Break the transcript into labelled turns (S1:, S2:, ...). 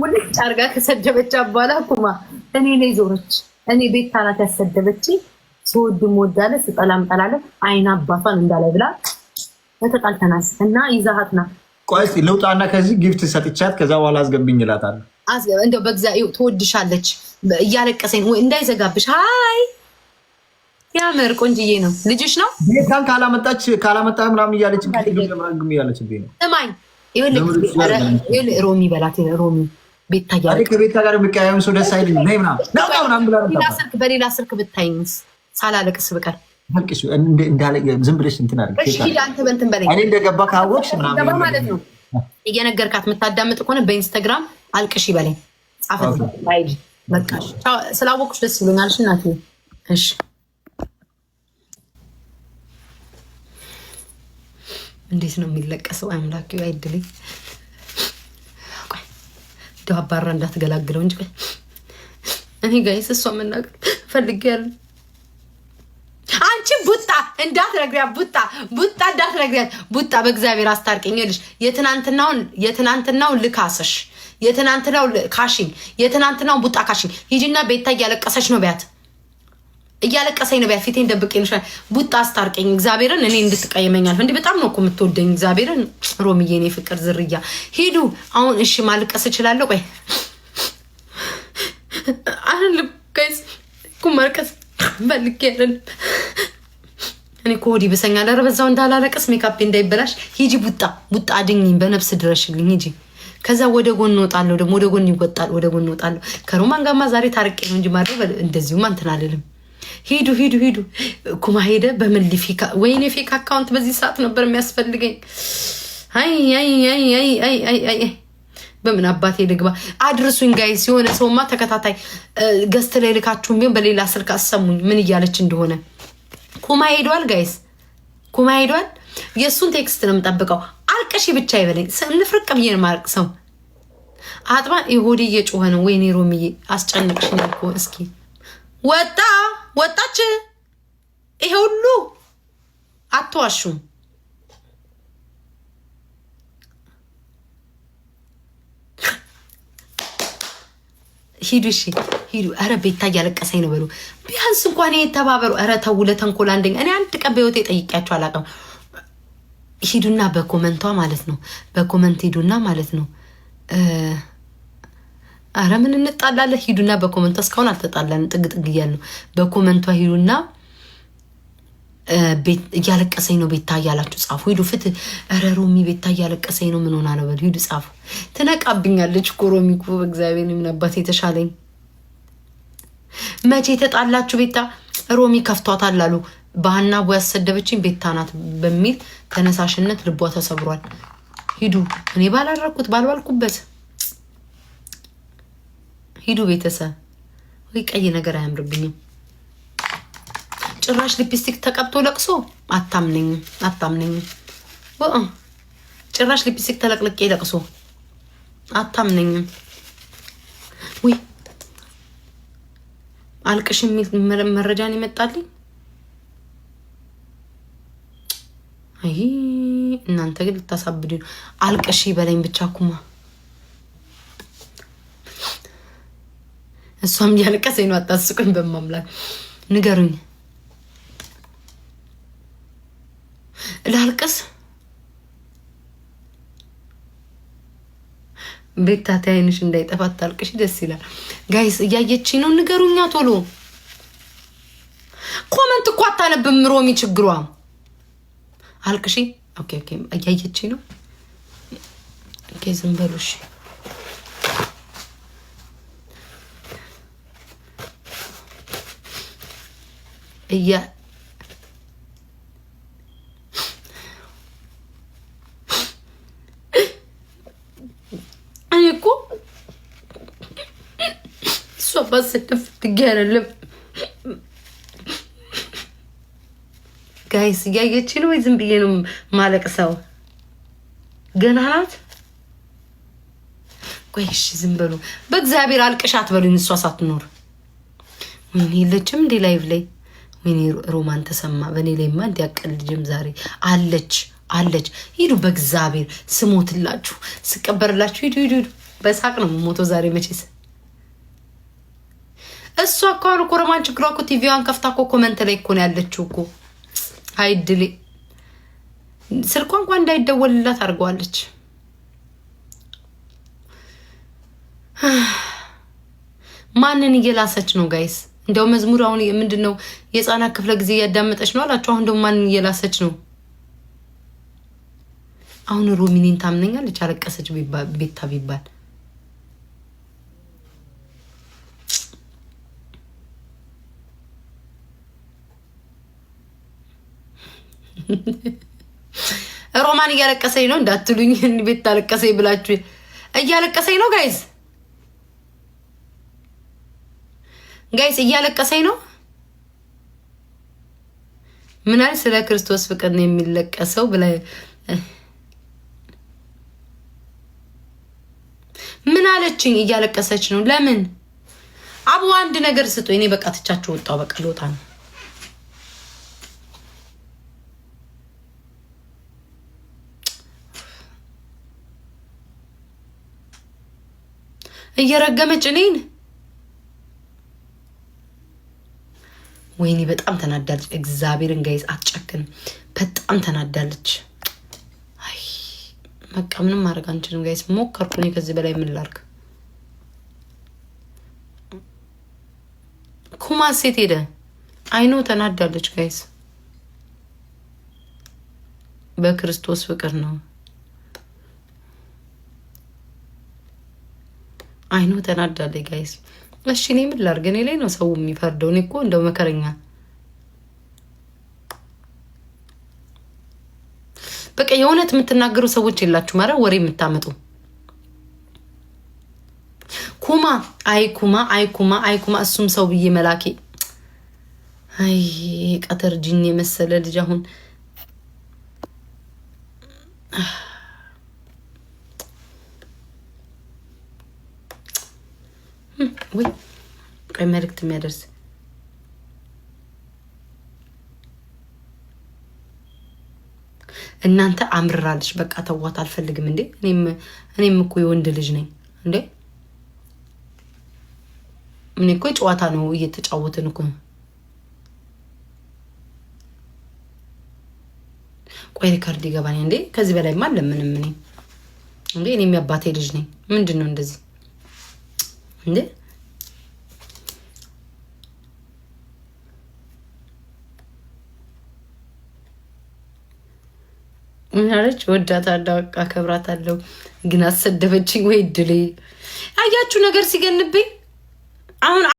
S1: ሙልጭ አርጋ ከሰደበች በኋላ ኩማ እኔ ላይ ዞረች። እኔ ቤት ታናት ያሰደበች። ስወድም ወዳለ ስጠላም ጠላለ አይን አባቷን እንዳለ ብላ ተጣልተናል። እና ይዛሀት ና
S2: ቆይ ልውጣና ከዚህ ጊፍት ሰጥቻት ከዛ በኋላ አስገብኝ እላታለሁ።
S1: እንደው በግዛ ትወድሻለች። እያለቀሰኝ ወይ እንዳይዘጋብሽ። ሀይ ያምር ቆንጅዬ ነው ልጅሽ ነው።
S2: ቤታን ካላመጣች ካላመጣ ምናምን እያለች እያለች ነው።
S1: ስማኝ ሮሚ በላት ሮሚ ቤታያ
S2: ከቤታ ጋር የሚቀያየም ሰው ደስ
S1: በሌላ ስልክ ሳላለቅስ ብቀር
S2: ዝም ብለሽ እንትን እኔ እንደገባ ካወቅሽ
S1: ማለት ነው እየነገርካት የምታዳምጥ ከሆነ በኢንስታግራም አልቅሽ ይበለኝ ጻፈት ስላወቅሽ ደስ ይለኛል። እናት እሺ እንዴት ነው የሚለቀሰው? አምላክ አይድልኝ እንዲያው አባራ እንዳትገላግለው እንጂ እኔ ጋይስ እሷ መናገር ፈልጌያለሁ። አንቺ ቡጣ እንዳትረግሪያት፣ ቡጣ ቡጣ እንዳትረግሪያት፣ ቡጣ በእግዚአብሔር አስታርቅኝ። ይኸውልሽ የትናንትናውን የትናንትናውን ልካሰሽ፣ የትናንትናው ካሽኝ፣ የትናንትናውን ቡጣ ካሽኝ። ሂጂና ቤታ እያለቀሰች ነው ቢያት እያለቀሰኝ ነው። ፊቴን ደብቄ ልሻል ቡጣ አስታርቀኝ፣ እግዚአብሔርን እኔ እንድትቀይመኛል። እንዲህ በጣም ነው እኮ የምትወደኝ። እግዚአብሔርን ሮምዬ፣ እኔ ፍቅር ዝርያ ሂዱ። አሁን እሺ ማልቀስ እችላለሁ። ቆይ አሁን ጋይስ እኮ ማልቀስ ፈልጌ አይደለም። እኔ እኮ ሆዴ በሰኛ ደረ በዛው እንዳላለቀስ ሜካፔ እንዳይበላሽ። ሂጂ ቡጣ ቡጣ አድኝኝ፣ በነብስ ድረሽልኝ። ሂጂ ከዛ ወደ ጎን እወጣለሁ፣ ደግሞ ወደ ጎን ይወጣል፣ ወደ ጎን እወጣለሁ። ከሮማን ጋማ ዛሬ ታርቄ ነው እንጂ ማድረግ እንደዚሁም አንትን አልልም። ሂዱ ሂዱ ሂዱ ኩማ ሄደ። በምን ሊፌክ ወይኔ ፌክ አካውንት በዚህ ሰዓት ነበር የሚያስፈልገኝ። በምን አባቴ ልግባ? አድርሱኝ ጋይ ሲሆነ ሰውማ ተከታታይ ገስት ላይ ልካችሁ ቢሆን በሌላ ስልክ አሰሙኝ ምን እያለች እንደሆነ። ኩማ ሄዷል ጋይስ፣ ኩማ ሄዷል። የእሱን ቴክስት ነው የምጠብቀው። አልቀሺ ብቻ አይበለኝ ንፍርቅ ብዬ ማርቅ ሰው አጥባ የሆዴ እየጮኸ ነው። ወይኔ ሮምዬ አስጨንቅሽ። እስኪ ወጣ ወጣች። ይሄ ሁሉ አትዋሹም። ሂዱ፣ እሺ ሂዱ። ኧረ ቤታ እያለቀሰኝ ነው በሉ። ቢያንስ እንኳን ይሄ ተባበሩ። ኧረ ተው ለተንኮል አንደኛ እኔ አንድ ቀን በህይወቴ ጠይቄያቸው አላውቅም። ሂዱና በኮመንቷ ማለት ነው በኮመንት ሂዱና ማለት ነው አረ ምን እንጣላለን? ሂዱና በኮመንቷ እስካሁን አልተጣላንም። ጥግጥግ እያል ነው። በኮመንቷ ሂዱና እያለቀሰኝ ነው ቤታ እያላችሁ ጻፉ። ሂዱ ፍት ረ ሮሚ ቤታ እያለቀሰኝ ነው ምን ሆና ነው በሉ። ሂዱ ጻፉ። ትነቃብኛለች እኮ ሮሚ እኮ በእግዚአብሔር ምን የተሻለኝ። መቼ ተጣላችሁ ቤታ ሮሚ ከፍቷታል አሉ። ባህና ቦ ያሰደበችኝ ቤታ ናት በሚል ተነሳሽነት ልቧ ተሰብሯል። ሂዱ እኔ ባላረኩት ባልባልኩበት ሂዱ ቤተሰብ። ወይ ቀይ ነገር አያምርብኝም። ጭራሽ ሊፕስቲክ ተቀብቶ ለቅሶ አታምነኝም፣ አታምነኝም። ጭራሽ ሊፕስቲክ ተለቅልቄ ለቅሶ አታምነኝም። ወይ አልቅሽ የሚል መረጃን ይመጣልኝ። አይ እናንተ ግን ልታሳብዱ። አልቅሽ በላይም ብቻ ኩማ እሷም እያለቀሰኝ ነው። አታስቁኝ በማምላክ ንገሩኝ። ላልቅስ ቤታ አይንሽ እንዳይጠፋ ታልቅሽ። ደስ ይላል ጋይስ። እያየችኝ ነው። ንገሩኛ ቶሎ። ኮመንት እኮ አታነብም ሮሚ። ችግሯ አልቅሺ። ኦኬ ኦኬ። እያየችኝ ነው። ኦኬ ዝም በሉ እሺ። እየ እኔ እኮ እሷ ባሰደፍ ትገያለለም ጋይስ እያየች ነው ወይ? ዝም ብዬ ነው ማለቅ ሰው ገና ናት። ቆይ እሺ፣ ዝም በሉ በእግዚአብሔር አልቅሻት በሉኝ። እሷ ሳትኖር ምን የለችም እንዲህ ላይቭ ላይ ወይኔ ሮማን ተሰማ በእኔ ላይማ እንዲያቀል ልጅም ዛሬ አለች አለች። ሂዱ በእግዚአብሔር ስሞትላችሁ ስቀበርላችሁ ሂዱ ሂዱ ሂዱ። በሳቅ ነው ሞቶ ዛሬ መቼስ እሱ አካባቢ አሁን እኮ ሮማን ችግሯ እኮ ቲቪዋን ከፍታ እኮ ኮመንት ላይ እኮ ነው ያለችው እኮ አይድሌ ስልኳ እንኳ እንዳይደወልላት አድርገዋለች። ማንን እየላሰች ነው ጋይስ? እንደው መዝሙር አሁን ምንድን ነው የህፃናት ክፍለ ጊዜ እያዳመጠች ነው አላቸው። አሁን ደግሞ ማንን እየላሰች ነው? አሁን ሮሚኔን ታምነኛለች አለቀሰች ቤታ ቢባል ሮማን እያለቀሰኝ ነው እንዳትሉኝ፣ ቤት አለቀሰኝ ብላችሁ እያለቀሰኝ ነው ጋይዝ ጋይስ እያለቀሰኝ ነው። ምን አለ ስለ ክርስቶስ ፍቅር ነው የሚለቀሰው ብላ ምን አለችኝ? እያለቀሰች ነው። ለምን አቡ አንድ ነገር ስጡ። እኔ በቃ ትቻችሁ ወጣው። በቃ ልወጣ ነው። እየረገመች እኔን ወይኔ በጣም ተናዳለች። እግዚአብሔርን ጋይዝ አትጨክንም። በጣም ተናዳለች። አይ በቃ ምንም ማድረግ አንችልም ጋይዝ። ሞከርኩ እኔ ከዚህ በላይ ምን ላድርግ? ሴት ሄደ አይኖ ተናዳለች ጋይዝ። በክርስቶስ ፍቅር ነው አይኖ ተናዳለች ጋይዝ። እሺ እኔ ምን ላድርግ? እኔ ላይ ነው ሰው የሚፈርደው። እኔ እኮ እንደው መከረኛ በቃ የእውነት የምትናገሩ ሰዎች የላችሁ ማረ ወሬ የምታመጡ ኩማ አይ ኩማ አይ ኩማ አይ ኩማ እሱም ሰው ብዬ መላኬ አይ ቀተር ጂን የመሰለ ልጅ አሁን ወይ ቆይ መልእክት የሚያደርስ እናንተ አምርራለች። በቃ ተዋት፣ አልፈልግም እንዴ! እኔም እኮ የወንድ ልጅ ነኝ እንዴ! እኔ እኮ ጨዋታ ነው እየተጫወትን እኮ። ቆይ ሪከርድ ይገባኝ እንዴ! ከዚህ በላይ ማለ ምንም እኔ እንዴ! እኔም የአባቴ ልጅ ነኝ። ምንድን ነው እንደዚህ እንዴ ምናለች? ወዳታለሁ፣ አከብራታለሁ፣ ግን አሰደበችኝ ወይ ድሌ። አያችሁ ነገር ሲገንብኝ አሁን